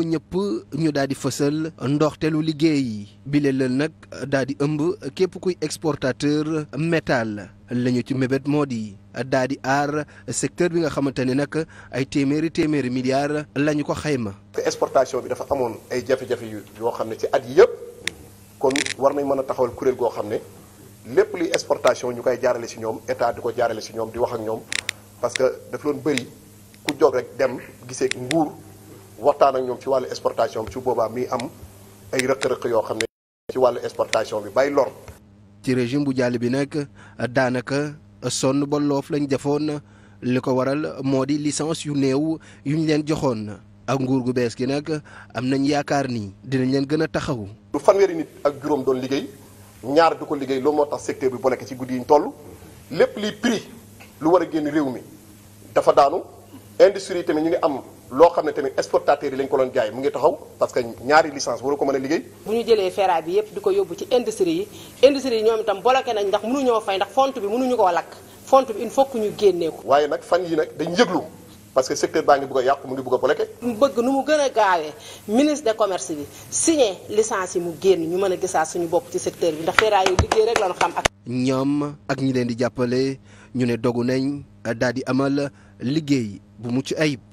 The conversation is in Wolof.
ko ñëpp ñu daal di fësal ndoxteelu liggéey yi bile lël nag daal di ëmb képp kuy exportateur métal la ñu ci mébét moo di daal di aar secteur bi nga xamante ne nag ay téeméeri téeméeri milliards la ñu ko xayma. te exportation bi dafa amoon ay jafe-jafe yoo xam ne ci at yi yëpp kon war nañ mën a taxawal kuréel goo xam ne lépp luy exportation ñu koy jaarale si ñoom état di ko jaarale si ñoom di wax ak ñoom parce daf loon bëri ku jóg rek dem gisee nguur. waxtaan ak ñoom ci wàllu exportation bi su boobaa mi am ay rëq-rëq yoo xam ne ci wàllu exportation bi bay lor. ci régime bu jàll bi nag daanaka sonn ba loof lañ defoon li ko waral moo di licence yu néew yu ñu leen joxoon ak nguur gu bees gi nag am nañ yaakaar ni dinañ leen gën a taxawu. lu fanweeri nit ak juróom doon liggéey ñaar du ko liggéey loolu moo tax secteur bi bu nekk ci guddi yi ñu toll lépp liy prix lu war a génn réew mi dafa daanu. industrie yi tamit ñu ngi am loo xam ne tamit exportateur yi lañ ko doon jaay mu ngi taxaw parce que ñaari licence waru ko mën a liggéey bu ñu jëlee ferraille bi yépp di ko yóbbu ci industrie yi industrie yi ñoom itam bloqué nañ ndax mënuñoo fay ndax font bi mënuñu koo lakk font bi il faut que ñu génnee ko waaye nag fan yi nag dañ yëglu parce que secteur baa ngi bëgg a yàqu mu ngi bëgg a bloqué mu bëgg nu mu gën a gaawee ministre de commerce bi signé licence yi mu génn ñu mën a gisaat suñu bopp ci secteur bi ndax ferraille yi liggéey rek lañu ak ñi leen di jàppale ñu ne dogu nañ daal di amal liggéey bu mucc ayib